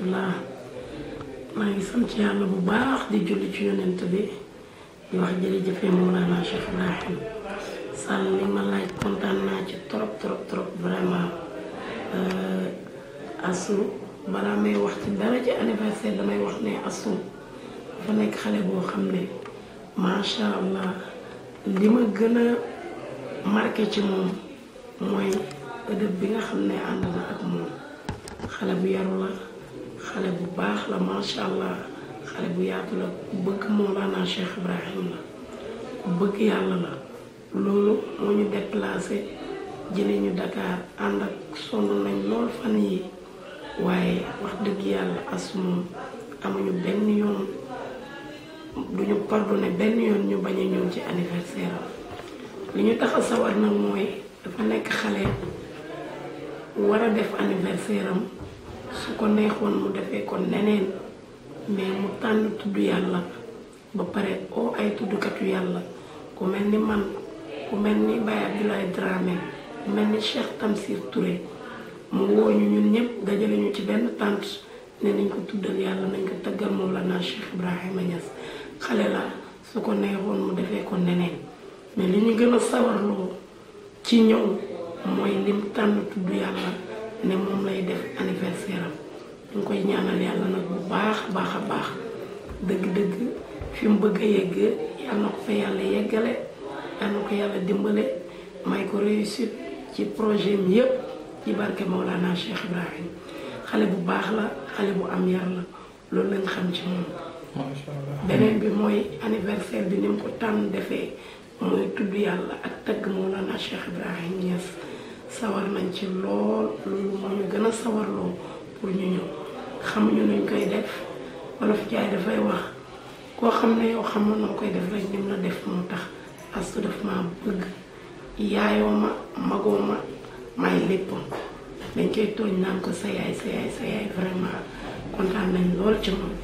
rahmatullah maa ngi sant yàlla bu baax di julli ci yonent bi di wax jërëjëfee Mawlana Cheikh Ibrahim Sall li ma laaj kontaan naa ci trop trop trop vraiment euh, asu balaa may wax ci dara ci anniversaire damay wax ne asu dafa nekk xale boo xam ne macha allah li ma gën a marqué ci moom mooy ëdëb bi nga xam ne ànd na ak moom xale bu yaru xale bu baax la macha allah xale bu yaatu la ku bëgg Mawlana Cheikh Ibrahim la ku bëgg yàlla la loolu moo ñu déplacé jëlee ñu Dakar ànd ak sonn nañ lool fan yi waaye wax dëgg yàlla as amuñu benn yoon duñu pardonné benn yoon ñu bañ a ñëw ci anniversaire am li ñu tax a sawar nag mooy dafa nekk xale war a def anniversaire bu ko neexoon mu defee ko neneen mais mu tànn tudd yàlla ba pare oo ay tuddkatu yàlla ku mel ni man ku mel ni Baye Abdoulaye Dramé ku mel ni Cheikh Tamsir Touré mu woo ñun ñëpp dajale ci benn tànt ne nañ ko tuddal yàlla nañ ko taggal Mawlana Cheikh Ibrahima Niass xale la su ko neexoon mu defee ko neneen mais li ñu gën a sawarloo ci ñëw mooy lim tànn tudd yàlla ne moom lay def anniversaire am ñu koy ñaanal yàlla nag bu baax baax a baax dëgg-dëgg fi mu bëgg a yegg yàlla na ko fa yàlla yeggale yàlla na ko yàlla dimbale may ko réussite ci projet mi yëpp ci barke Maolana Cheikh Ibrahim bu baax la xale bu am yar la loolu lañ xam ci moom. macha allah beneen bi bi ni ko tànn defee mooy tudd yàlla ak tagg Maolana Cheikh Ibrahim Niass sawar nañ ci lool loolu moo ñu gën a sawar sawarloo. pour ñu ñëw xamuñu nuñ koy def wolof jaay dafay wax koo xam ne yow xamoon noo koy def rek nim la def moo tax parce que daf maa bëgg yaayoo ma magoo ma may lépp dañ koy tooñ naan ko sa yaay sa yaay sa yaay vraiment kontaan nañ lool ci moom